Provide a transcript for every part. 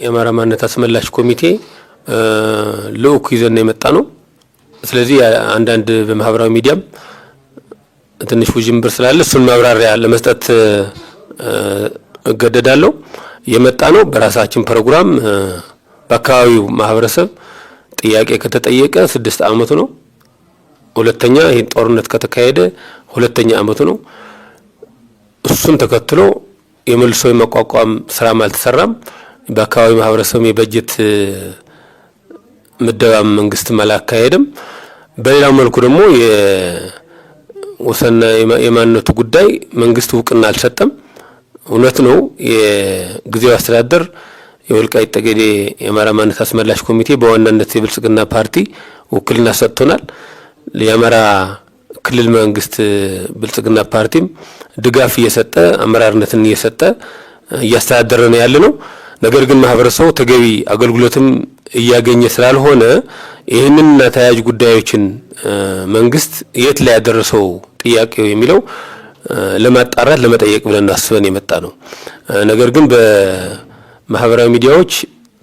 የአማራ ማንነት አስመላሽ ኮሚቴ ልዑክ ይዘን የመጣ ነው። ስለዚህ አንዳንድ በማህበራዊ ሚዲያም ትንሽ ውዥንብር ስላለ እሱን ማብራሪያ ለመስጠት እገደዳለሁ። የመጣ ነው በራሳችን ፕሮግራም በአካባቢው ማህበረሰብ ጥያቄ ከተጠየቀ ስድስት ዓመቱ ነው። ሁለተኛ ይህን ጦርነት ከተካሄደ ሁለተኛ ዓመቱ ነው። እሱን ተከትሎ የመልሶ የማቋቋም ስራም አልተሰራም። በአካባቢ ማህበረሰብም የበጀት ምደባ መንግስት አላካሄድም። በሌላ መልኩ ደግሞ የወሰንና የማንነቱ ጉዳይ መንግስት እውቅና አልሰጠም። እውነት ነው። የጊዜው አስተዳደር የወልቃይት ጠገዴ የአማራ ማንነት አስመላሽ ኮሚቴ በዋናነት የብልጽግና ፓርቲ ውክልና ሰጥቶናል። የአማራ ክልል መንግስት ብልጽግና ፓርቲም ድጋፍ እየሰጠ አመራርነትን እየሰጠ እያስተዳደረ ነው ያለ ነው። ነገር ግን ማህበረሰቡ ተገቢ አገልግሎትም እያገኘ ስላልሆነ ይህንንና ተያያዥ ጉዳዮችን መንግስት የት ላይ ያደረሰው ጥያቄው የሚለው ለማጣራት ለመጠየቅ ብለን አስበን የመጣ ነው። ነገር ግን በማህበራዊ ሚዲያዎች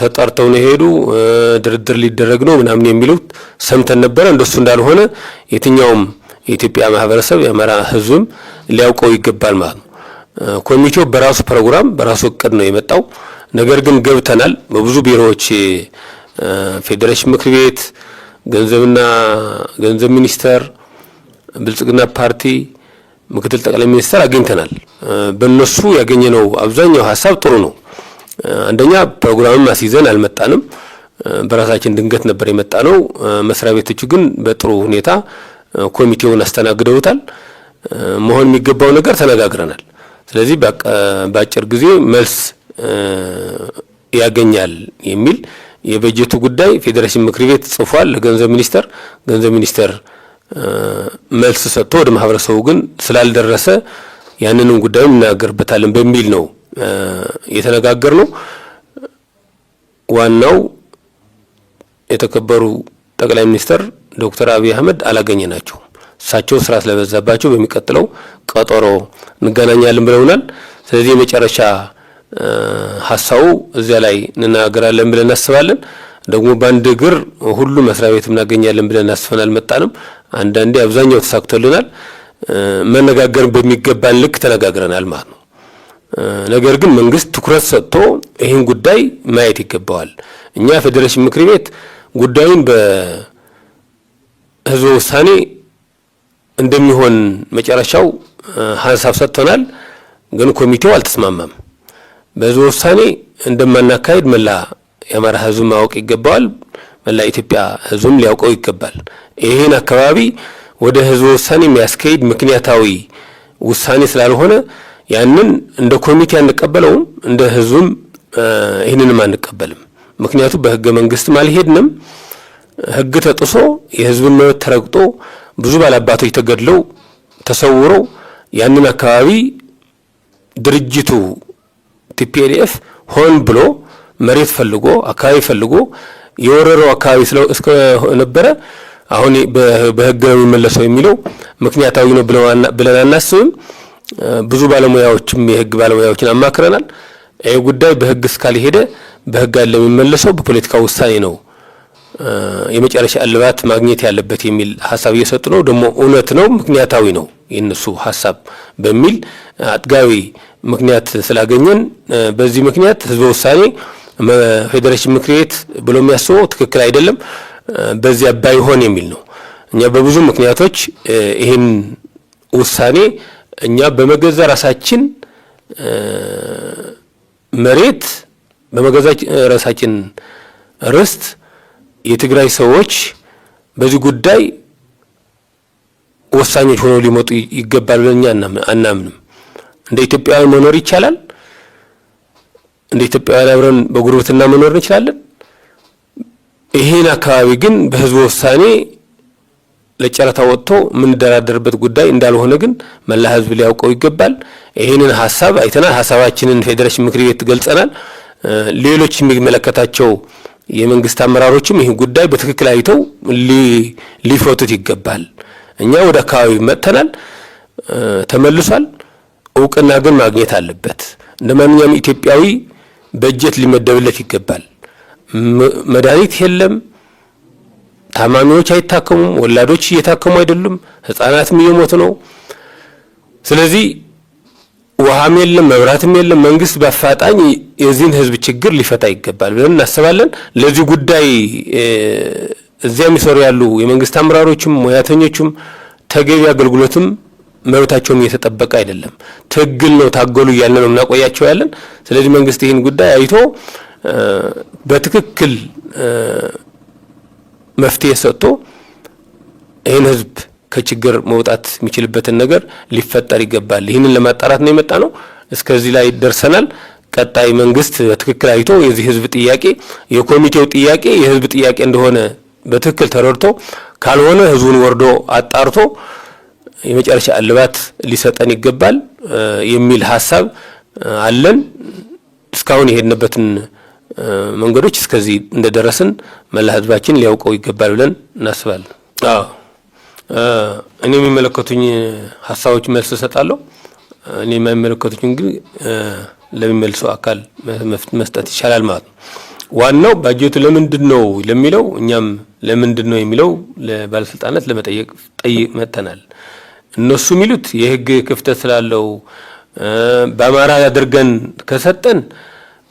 ተጠርተው ነው የሄዱ ድርድር ሊደረግ ነው ምናምን የሚሉት ሰምተን ነበረ። እንደሱ እንዳልሆነ የትኛውም የኢትዮጵያ ማህበረሰብ የአማራ ህዝብም ሊያውቀው ይገባል ማለት ነው። ኮሚቴው በራሱ ፕሮግራም በራሱ እቅድ ነው የመጣው። ነገር ግን ገብተናል። በብዙ ቢሮዎች ፌዴሬሽን ምክር ቤት፣ ገንዘብና ገንዘብ ሚኒስቴር፣ ብልጽግና ፓርቲ ምክትል ጠቅላይ ሚኒስተር አግኝተናል። በእነሱ ያገኘነው አብዛኛው ሀሳብ ጥሩ ነው። አንደኛ ፕሮግራምም አስይዘን አልመጣንም። በራሳችን ድንገት ነበር የመጣ ነው። መስሪያ ቤቶቹ ግን በጥሩ ሁኔታ ኮሚቴውን አስተናግደውታል። መሆን የሚገባው ነገር ተነጋግረናል። ስለዚህ በአጭር ጊዜ መልስ ያገኛል የሚል የበጀቱ ጉዳይ ፌዴሬሽን ምክር ቤት ጽፏል ለገንዘብ ሚኒስተር። ገንዘብ ሚኒስተር መልስ ሰጥቶ ወደ ማህበረሰቡ ግን ስላልደረሰ ያንንም ጉዳዩ እናገርበታለን በሚል ነው የተነጋገር ነው። ዋናው የተከበሩ ጠቅላይ ሚኒስተር ዶክተር አብይ አህመድ አላገኘ ናቸው። እሳቸው ስራ ስለበዛባቸው በሚቀጥለው ቀጠሮ እንገናኛለን ብለውናል። ስለዚህ የመጨረሻ ሀሳቡ እዚያ ላይ እንናገራለን ብለን እናስባለን። ደግሞ በአንድ እግር ሁሉ መስሪያ ቤት እናገኛለን ብለን አስፈን አልመጣንም። አንዳንዴ አብዛኛው ተሳክቶልናል። መነጋገር በሚገባን ልክ ተነጋግረናል ማለት ነው። ነገር ግን መንግስት ትኩረት ሰጥቶ ይህን ጉዳይ ማየት ይገባዋል። እኛ ፌዴሬሽን ምክር ቤት ጉዳዩን በህዝበ ውሳኔ እንደሚሆን መጨረሻው ሀሳብ ሰጥተናል፣ ግን ኮሚቴው አልተስማማም። በዚህ ውሳኔ እንደማናካሄድ መላ የአማራ ህዝብ ማወቅ ይገባዋል። መላ ኢትዮጵያ ህዝብም ሊያውቀው ይገባል። ይህን አካባቢ ወደ ህዝብ ውሳኔ የሚያስካሄድ ምክንያታዊ ውሳኔ ስላልሆነ ያንን እንደ ኮሚቴ አንቀበለውም፣ እንደ ህዝብም ይህንንም አንቀበልም። ምክንያቱም በህገ መንግስትም አልሄድንም። ህግ ተጥሶ የህዝብን መብት ተረግጦ ብዙ ባላባቶች ተገድለው ተሰውረው ያንን አካባቢ ድርጅቱ ቲፒኤልኤፍ ሆን ብሎ መሬት ፈልጎ አካባቢ ፈልጎ የወረረው አካባቢ እስከነበረ አሁን በህግ ነው የሚመለሰው የሚለው ምክንያታዊ ነው ብለን አናስብም። ብዙ ባለሙያዎችም የህግ ባለሙያዎችን አማክረናል። ይህ ጉዳይ በህግ እስካልሄደ በህግ አለ የሚመለሰው በፖለቲካ ውሳኔ ነው የመጨረሻ እልባት ማግኘት ያለበት የሚል ሀሳብ እየሰጡ ነው። ደግሞ እውነት ነው፣ ምክንያታዊ ነው የእነሱ ሀሳብ በሚል አጥጋቢ ምክንያት ስላገኘን በዚህ ምክንያት ህዝበ ውሳኔ ፌዴሬሽን ምክር ቤት ብሎ የሚያስበው ትክክል አይደለም፣ በዚያ ባይሆን የሚል ነው። እኛ በብዙ ምክንያቶች ይህን ውሳኔ እኛ በመገዛ ራሳችን መሬት በመገዛ ራሳችን ርስት የትግራይ ሰዎች በዚህ ጉዳይ ወሳኞች ሆነው ሊመጡ ይገባል ብለን እኛ አናምንም። እንደ ኢትዮጵያውያን መኖር ይቻላል። እንደ ኢትዮጵያውያን አብረን በጉርብትና መኖር እንችላለን። ይሄን አካባቢ ግን በህዝቡ ውሳኔ ለጨረታ ወጥቶ የምንደራደርበት ጉዳይ እንዳልሆነ ግን መላ ህዝብ ሊያውቀው ይገባል። ይህንን ሀሳብ አይተናል። ሀሳባችንን ፌዴሬሽን ምክር ቤት ገልጸናል። ሌሎች የሚመለከታቸው የመንግስት አመራሮችም ይህን ጉዳይ በትክክል አይተው ሊፈቱት ይገባል። እኛ ወደ አካባቢ መጥተናል፣ ተመልሷል። እውቅና ግን ማግኘት አለበት። እንደ ማንኛውም ኢትዮጵያዊ በጀት ሊመደብለት ይገባል። መድኃኒት የለም፣ ታማሚዎች አይታከሙም፣ ወላዶች እየታከሙ አይደሉም፣ ህጻናትም እየሞት ነው። ስለዚህ ውሃም የለም፣ መብራትም የለም። መንግስት በአፋጣኝ የዚህን ህዝብ ችግር ሊፈታ ይገባል ብለን እናስባለን። ለዚህ ጉዳይ እዚያ የሚሰሩ ያሉ የመንግስት አመራሮችም ሙያተኞችም ተገቢ አገልግሎትም መብታቸውም እየተጠበቀ አይደለም። ትግል ነው፣ ታገሉ እያለ ነው እናቆያቸው ያለን። ስለዚህ መንግስት ይህን ጉዳይ አይቶ በትክክል መፍትሄ ሰጥቶ ይህን ህዝብ ከችግር መውጣት የሚችልበትን ነገር ሊፈጠር ይገባል። ይህንን ለማጣራት ነው የመጣ ነው። እስከዚህ ላይ ደርሰናል። ቀጣይ መንግስት በትክክል አይቶ የዚህ ህዝብ ጥያቄ የኮሚቴው ጥያቄ የህዝብ ጥያቄ እንደሆነ በትክክል ተረድቶ ካልሆነ ህዝቡን ወርዶ አጣርቶ የመጨረሻ እልባት ሊሰጠን ይገባል የሚል ሀሳብ አለን። እስካሁን የሄድንበትን መንገዶች እስከዚህ እንደደረስን መላ ህዝባችን ሊያውቀው ይገባል ብለን እናስባለን። አዎ እኔ የሚመለከቱኝ ሀሳቦች መልስ እሰጣለሁ። እኔ የማይመለከቱኝ ግን ለሚመልሰው አካል መስጠት ይቻላል ማለት ነው። ዋናው ባጀቱ ለምንድን ነው ለሚለው እኛም ለምንድን ነው የሚለው ለባለስልጣናት ለመጠየቅ ጠይቅ መጥተናል። እነሱ የሚሉት የህግ ክፍተት ስላለው በአማራ አድርገን ከሰጠን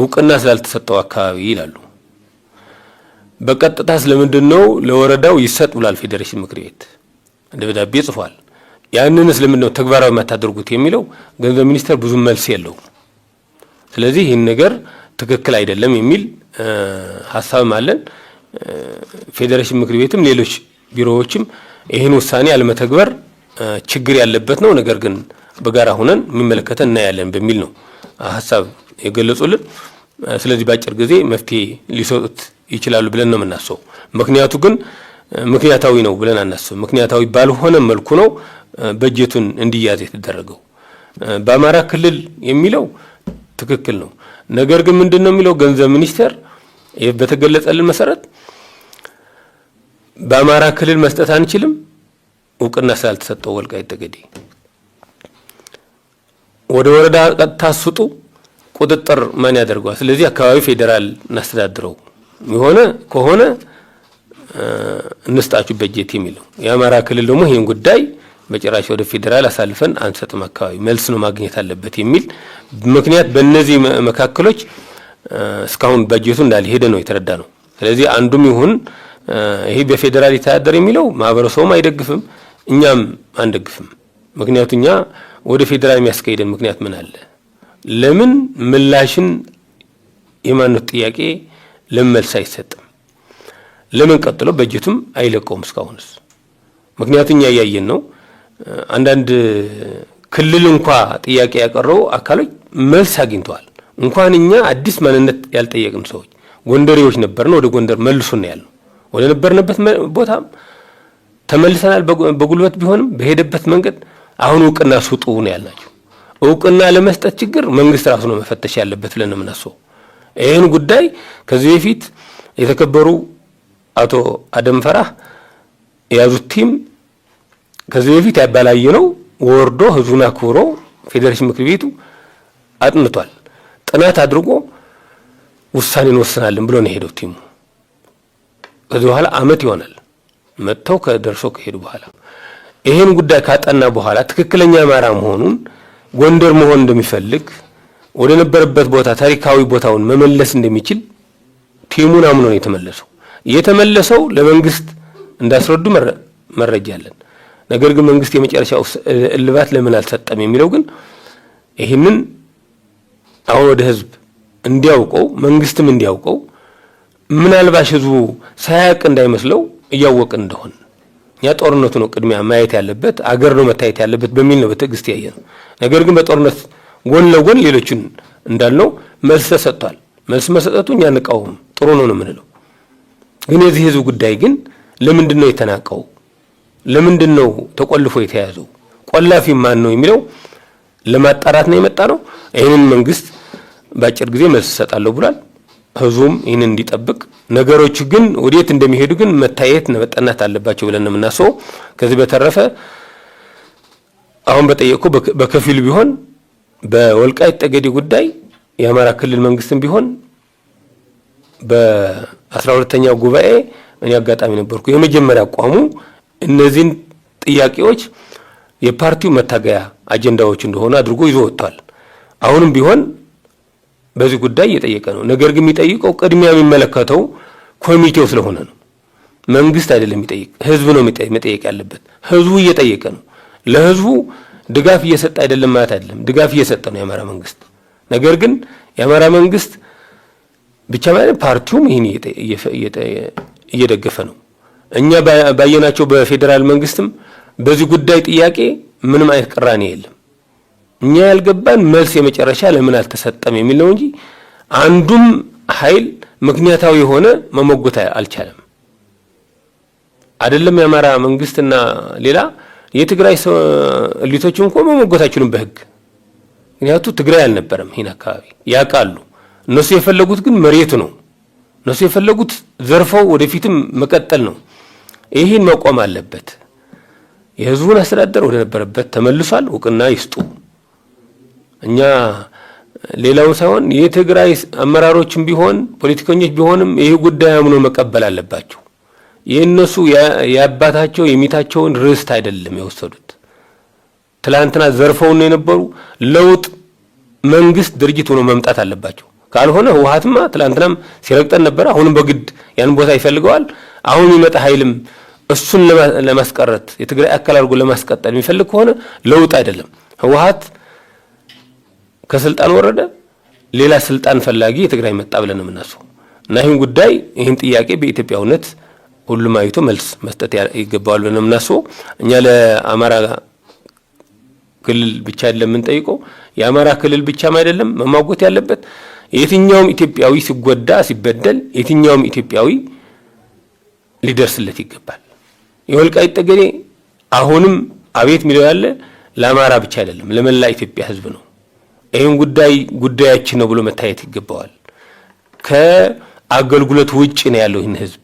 እውቅና ስላልተሰጠው አካባቢ ይላሉ። በቀጥታ ስለምንድን ነው ለወረዳው ይሰጥ ብሏል ፌዴሬሽን ምክር ቤት ደብዳቤ ጽፏል። ያንን ስለምንድን ነው ተግባራዊ የማታደርጉት የሚለው ገንዘብ ሚኒስቴር ብዙ መልስ የለውም። ስለዚህ ይህን ነገር ትክክል አይደለም የሚል ሀሳብም አለን። ፌዴሬሽን ምክር ቤትም ሌሎች ቢሮዎችም ይህን ውሳኔ አለመተግበር ችግር ያለበት ነው። ነገር ግን በጋራ ሆነን የሚመለከተን እናያለን በሚል ነው ሀሳብ የገለጹልን። ስለዚህ በአጭር ጊዜ መፍትሄ ሊሰጡት ይችላሉ ብለን ነው የምናስበው። ምክንያቱ ግን ምክንያታዊ ነው ብለን አናስብ። ምክንያታዊ ባልሆነ መልኩ ነው በጀቱን እንዲያዝ የተደረገው። በአማራ ክልል የሚለው ትክክል ነው። ነገር ግን ምንድን ነው የሚለው ገንዘብ ሚኒስቴር በተገለጸልን መሰረት በአማራ ክልል መስጠት አንችልም እውቅና ስላልተሰጠው ወልቃይት ጠገዴ ወደ ወረዳ ቀጥታ ስጡ ቁጥጥር ማን ያደርገዋል? ስለዚህ አካባቢ ፌዴራል እናስተዳድረው የሆነ ከሆነ እንስጣችሁ በጀት የሚለው የአማራ ክልል ደግሞ ይህን ጉዳይ በጭራሽ ወደ ፌዴራል አሳልፈን አንሰጥም፣ አካባቢ መልስ ነው ማግኘት አለበት የሚል ምክንያት በእነዚህ መካከሎች እስካሁን በጀቱ እንዳልሄደ ነው የተረዳ ነው። ስለዚህ አንዱም ይሁን ይሄ በፌዴራል የተዳደር የሚለው ማህበረሰቡም አይደግፍም። እኛም አንደግፍም። ምክንያቱ እኛ ወደ ፌዴራል የሚያስካሂደን ምክንያት ምን አለ? ለምን ምላሽን የማንነት ጥያቄ ለምን መልስ አይሰጥም? ለምን ቀጥሎ በጀቱም አይለቀውም? እስካሁንስ ምክንያቱ እኛ እያየን ነው። አንዳንድ ክልል እንኳ ጥያቄ ያቀረቡ አካሎች መልስ አግኝተዋል። እንኳን እኛ አዲስ ማንነት ያልጠየቅን ሰዎች ጎንደሬዎች ነበርን። ወደ ጎንደር መልሱና ያልነው ወደ ነበርንበት ቦታም ተመልሰናል። በጉልበት ቢሆንም በሄደበት መንገድ አሁን እውቅና ስጡ ነው ያልናቸው። እውቅና ለመስጠት ችግር መንግስት ራሱ ነው መፈተሽ ያለበት ብለን የምናስበው ይህን ጉዳይ ከዚህ በፊት የተከበሩ አቶ አደም ፈራህ የያዙት ቲም ከዚህ በፊት ያባላየ ነው ወርዶ ህዝቡን አክብሮ ፌዴሬሽን ምክር ቤቱ አጥንቷል፣ ጥናት አድርጎ ውሳኔ እንወስናለን ብሎ ነው የሄደው ቲሙ። ከዚህ በኋላ አመት ይሆናል። መጥተው ከደርሶ ከሄዱ በኋላ ይህን ጉዳይ ካጠና በኋላ ትክክለኛ አማራ መሆኑን ጎንደር መሆን እንደሚፈልግ ወደ ነበረበት ቦታ ታሪካዊ ቦታውን መመለስ እንደሚችል ቲሙን አምኖ ነው የተመለሰው። የተመለሰው ለመንግስት እንዳስረዱ መረጃ አለን። ነገር ግን መንግስት የመጨረሻ እልባት ለምን አልሰጠም የሚለው ግን ይህንን አሁን ወደ ህዝብ እንዲያውቀው መንግስትም እንዲያውቀው ምናልባሽ ህዝቡ ሳያቅ እንዳይመስለው እያወቅ እንደሆን እኛ ጦርነቱ ነው ቅድሚያ ማየት ያለበት አገር ነው መታየት ያለበት በሚል ነው በትዕግስት ያየ ነው። ነገር ግን በጦርነት ጎን ለጎን ሌሎችን እንዳልነው መልስ ተሰጥቷል። መልስ መሰጠቱ እኛ ንቃውም ጥሩ ነው ነው የምንለው። ግን የዚህ ህዝብ ጉዳይ ግን ለምንድን ነው የተናቀው? ለምንድን ነው ተቆልፎ የተያዘው? ቆላፊ ማን ነው የሚለው ለማጣራት ነው የመጣ ነው። ይህንን መንግስት በአጭር ጊዜ መልስ እሰጣለሁ ብሏል። ህዝቡም ይህንን እንዲጠብቅ ነገሮቹ ግን ወዴት እንደሚሄዱ ግን መታየት መጠናት አለባቸው ብለን የምናስበው። ከዚህ በተረፈ አሁን በጠየቅኩ በከፊሉ ቢሆን በወልቃይት ጠገዴ ጉዳይ የአማራ ክልል መንግስትም ቢሆን በአስራ ሁለተኛው ጉባኤ እኔ አጋጣሚ ነበርኩ። የመጀመሪያ አቋሙ እነዚህን ጥያቄዎች የፓርቲው መታገያ አጀንዳዎች እንደሆኑ አድርጎ ይዞ ወጥቷል። አሁንም ቢሆን በዚህ ጉዳይ እየጠየቀ ነው። ነገር ግን የሚጠይቀው ቅድሚያ የሚመለከተው ኮሚቴው ስለሆነ ነው። መንግስት አይደለም የሚጠይቅ፣ ህዝብ ነው መጠየቅ ያለበት። ህዝቡ እየጠየቀ ነው። ለህዝቡ ድጋፍ እየሰጠ አይደለም ማለት አይደለም፣ ድጋፍ እየሰጠ ነው የአማራ መንግስት። ነገር ግን የአማራ መንግስት ብቻ ማለት ፓርቲውም ይህን እየደገፈ ነው። እኛ ባየናቸው በፌዴራል መንግስትም በዚህ ጉዳይ ጥያቄ ምንም አይነት ቅራኔ የለም። እኛ ያልገባን መልስ የመጨረሻ ለምን አልተሰጠም የሚል ነው እንጂ አንዱም ኃይል ምክንያታዊ የሆነ መሞጎታ አልቻለም። አይደለም የአማራ መንግስትና ሌላ የትግራይ እሊቶች እንኮ መሞገት አይችሉም በህግ ምክንያቱ ትግራይ አልነበረም ይህን አካባቢ ያውቃሉ። እነሱ የፈለጉት ግን መሬቱ ነው። እነሱ የፈለጉት ዘርፈው ወደፊትም መቀጠል ነው። ይህን መቆም አለበት። የህዝቡን አስተዳደር ወደነበረበት ተመልሷል። እውቅና ይስጡ። እኛ ሌላው ሳይሆን የትግራይ አመራሮችም ቢሆን ፖለቲከኞች ቢሆንም ይህ ጉዳይ አምኖ መቀበል አለባቸው። ይህ እነሱ የአባታቸው የሚታቸውን ርስት አይደለም የወሰዱት። ትላንትና ዘርፈውን የነበሩ ለውጥ መንግስት ድርጅት ሆኖ መምጣት አለባቸው። ካልሆነ ህወሀትማ ትላንትናም ሲረግጠን ነበር። አሁንም በግድ ያን ቦታ ይፈልገዋል። አሁን የሚመጣ ኃይልም እሱን ለማስቀረት የትግራይ አካል አድርጎ ለማስቀጠል የሚፈልግ ከሆነ ለውጥ አይደለም ህወሀት ከስልጣን ወረደ፣ ሌላ ስልጣን ፈላጊ የትግራይ መጣ ብለን የምናስበው እና ይህን ጉዳይ ይህን ጥያቄ በኢትዮጵያ እውነት ሁሉም አይቶ መልስ መስጠት ይገባዋል ብለን የምናስበው እኛ ለአማራ ክልል ብቻ አይደለም የምንጠይቀው። የአማራ ክልል ብቻም አይደለም መሟጎት ያለበት የትኛውም ኢትዮጵያዊ ሲጎዳ ሲበደል፣ የትኛውም ኢትዮጵያዊ ሊደርስለት ይገባል። የወልቃይት ጠገዴ አሁንም አቤት የሚለው ያለ ለአማራ ብቻ አይደለም ለመላ ኢትዮጵያ ሕዝብ ነው። ይህን ጉዳይ ጉዳያችን ነው ብሎ መታየት ይገባዋል። ከአገልግሎት ውጭ ነው ያለው ይህን ህዝብ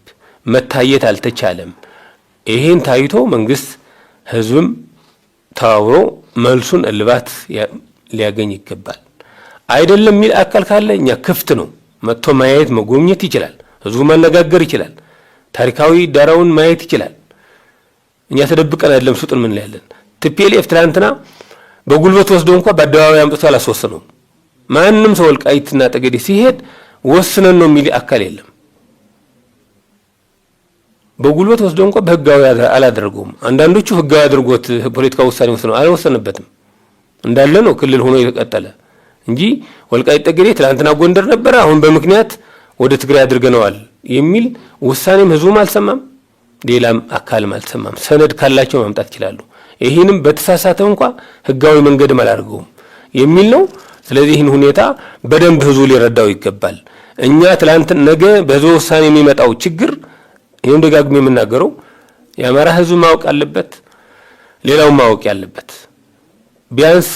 መታየት አልተቻለም። ይህን ታይቶ መንግስት፣ ህዝብም ተባብሮ መልሱን እልባት ሊያገኝ ይገባል። አይደለም የሚል አካል ካለ እኛ ክፍት ነው መጥቶ ማየት መጎብኘት ይችላል። ህዝቡ መነጋገር ይችላል። ታሪካዊ ዳራውን ማየት ይችላል። እኛ ተደብቀን አይደለም ሱጥን ምን ያለን ትፒኤልኤፍ ትላንትና በጉልበት ወስዶ እንኳ በአደባባይ አምጥቶ አላስወሰነውም። ማንም ሰው ወልቃይትና ጠገዴ ሲሄድ ወስነን ነው የሚል አካል የለም። በጉልበት ወስዶ እንኳ በህጋዊ አላደረገውም። አንዳንዶቹ ህጋዊ አድርጎት ፖለቲካ ውሳኔ ወስነው አልወሰነበትም። እንዳለ ነው ክልል ሆኖ የተቀጠለ እንጂ ወልቃይት ጠገዴ ትላንትና ጎንደር ነበረ፣ አሁን በምክንያት ወደ ትግራይ አድርገነዋል የሚል ውሳኔም ህዝቡም አልሰማም፣ ሌላም አካልም አልሰማም። ሰነድ ካላቸው ማምጣት ይችላሉ። ይህንም በተሳሳተው እንኳ ህጋዊ መንገድም አላደርገውም የሚል ነው። ስለዚህ ይህን ሁኔታ በደንብ ህዝቡ ሊረዳው ይገባል። እኛ ትላንት ነገ በህዝበ ውሳኔ የሚመጣው ችግር ይህም ደጋግሜ የምናገረው የአማራ ህዝብ ማወቅ አለበት፣ ሌላውን ማወቅ ያለበት ቢያንስ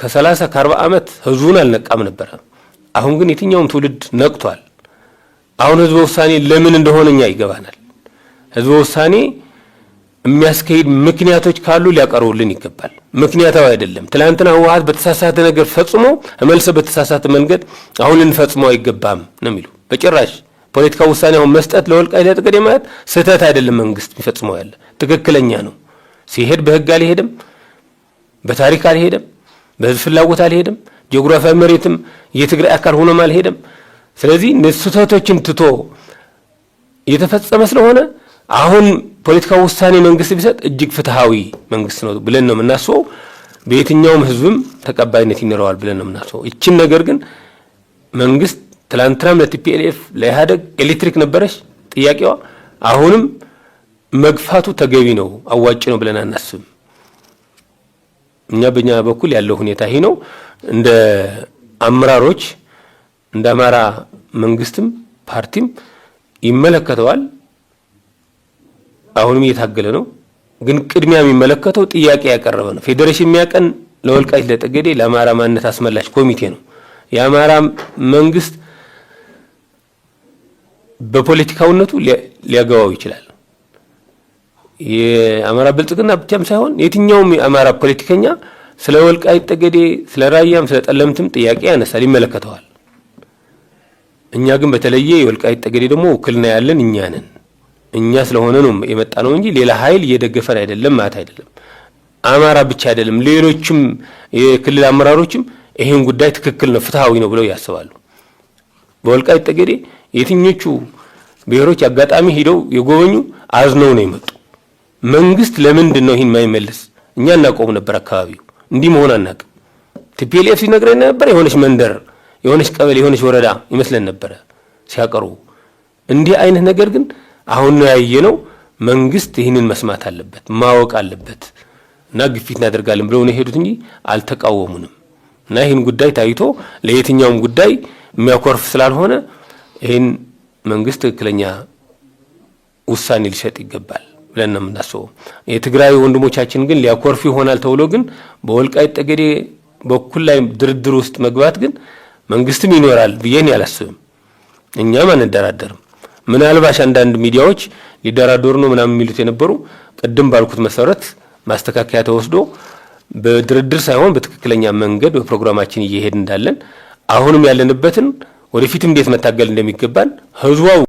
ከሰላሳ ከአርባ ዓመት ህዝቡን አልነቃም ነበረ። አሁን ግን የትኛውም ትውልድ ነቅቷል። አሁን ህዝበ ውሳኔ ለምን እንደሆነ እኛ ይገባናል። ህዝበ ውሳኔ የሚያስካሄድ ምክንያቶች ካሉ ሊያቀርቡልን ይገባል። ምክንያታዊ አይደለም። ትላንትና ህወሀት በተሳሳተ ነገር ፈጽሞ መልሰ በተሳሳተ መንገድ አሁን ልንፈጽመው አይገባም ነው የሚሉ በጭራሽ ፖለቲካ ውሳኔ አሁን መስጠት ለወልቃይት ጠገዴ ማለት ስህተት አይደለም። መንግስት የሚፈጽመው ያለ ትክክለኛ ነው። ሲሄድ በህግ አልሄደም፣ በታሪክ አልሄደም፣ በህዝብ ፍላጎት አልሄደም፣ ጂኦግራፊያዊ መሬትም የትግራይ አካል ሆኖም አልሄደም። ስለዚህ ስህተቶችን ትቶ የተፈጸመ ስለሆነ አሁን ፖለቲካው ውሳኔ መንግስት ቢሰጥ እጅግ ፍትሐዊ መንግስት ነው ብለን ነው የምናስበው። በየትኛውም ህዝብም ተቀባይነት ይኖረዋል ብለን ነው የምናስበው። ይችን ነገር ግን መንግስት ትላንትናም ለቲፒኤልኤፍ ለኢህአደግ ኤሌክትሪክ ነበረች ጥያቄዋ። አሁንም መግፋቱ ተገቢ ነው አዋጭ ነው ብለን አናስብም። እኛ በእኛ በኩል ያለው ሁኔታ ይሄ ነው። እንደ አመራሮች እንደ አማራ መንግስትም ፓርቲም ይመለከተዋል። አሁንም እየታገለ ነው። ግን ቅድሚያ የሚመለከተው ጥያቄ ያቀረበ ነው። ፌዴሬሽን የሚያቀን ለወልቃይት ለጠገዴ ለአማራ ማንነት አስመላሽ ኮሚቴ ነው። የአማራ መንግስት በፖለቲካውነቱ ሊያገባው ይችላል። የአማራ ብልጽግና ብቻም ሳይሆን የትኛውም የአማራ ፖለቲከኛ ስለ ወልቃይት ጠገዴ፣ ስለ ራያም ስለ ጠለምትም ጥያቄ ያነሳል፣ ይመለከተዋል። እኛ ግን በተለየ የወልቃይት ጠገዴ ደግሞ ውክልና ያለን እኛ ነን። እኛ ስለሆነ ነው የመጣ ነው እንጂ ሌላ ኃይል እየደገፈን አይደለም ማለት አይደለም። አማራ ብቻ አይደለም፣ ሌሎችም የክልል አመራሮችም ይህን ጉዳይ ትክክል ነው፣ ፍትሐዊ ነው ብለው ያስባሉ። በወልቃይት ጠገዴ የትኞቹ ብሔሮች አጋጣሚ ሂደው የጎበኙ አዝነው ነው የመጡ። መንግስት ለምንድን ነው ይህን የማይመልስ? እኛ እናቆሙ ነበር። አካባቢው እንዲህ መሆን አናውቅም። ቲፒኤልኤፍ ሲነግረን ነበር። የሆነች መንደር፣ የሆነች ቀበሌ፣ የሆነች ወረዳ ይመስለን ነበረ ሲያቀርቡ እንዲህ አይነት ነገር ግን አሁን ነው ያየነው። መንግስት ይህንን መስማት አለበት ማወቅ አለበት እና ግፊት እናደርጋለን ብለው ነው የሄዱት እንጂ አልተቃወሙንም። እና ይህን ጉዳይ ታይቶ ለየትኛውም ጉዳይ የሚያኮርፍ ስላልሆነ ይህን መንግስት ትክክለኛ ውሳኔ ሊሰጥ ይገባል ብለን ነው የምናስበው። የትግራይ ወንድሞቻችን ግን ሊያኮርፍ ይሆናል ተብሎ ግን በወልቃይት ጠገዴ በኩል ላይ ድርድር ውስጥ መግባት ግን መንግስትም ይኖራል ብዬን ያላስብም እኛም አንደራደርም። ምናልባሽ አንዳንድ ሚዲያዎች ሊደራደሩ ነው ምናምን የሚሉት የነበሩ ቅድም ባልኩት መሰረት ማስተካከያ ተወስዶ በድርድር ሳይሆን በትክክለኛ መንገድ በፕሮግራማችን እየሄድ እንዳለን አሁንም ያለንበትን ወደፊት እንዴት መታገል እንደሚገባን ህዝቧ